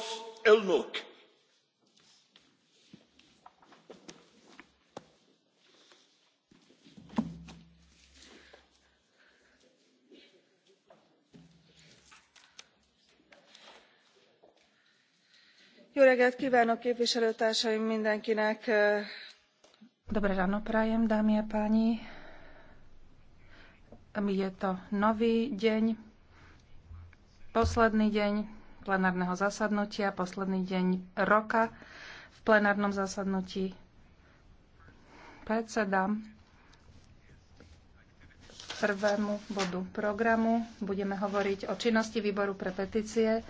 Yunus Elnök. Jó reggelt kvánok képviselőtársaim mindenkinek! Eh, Dobré ráno prajem, dámy a páni. Hm, je to nový deň, posledný deň plenárneho zasadnutia, posledný deň roka v plenárnom zasadnutí. Predsedám prvému bodu programu. Budeme hovoriť o činnosti výboru pre petície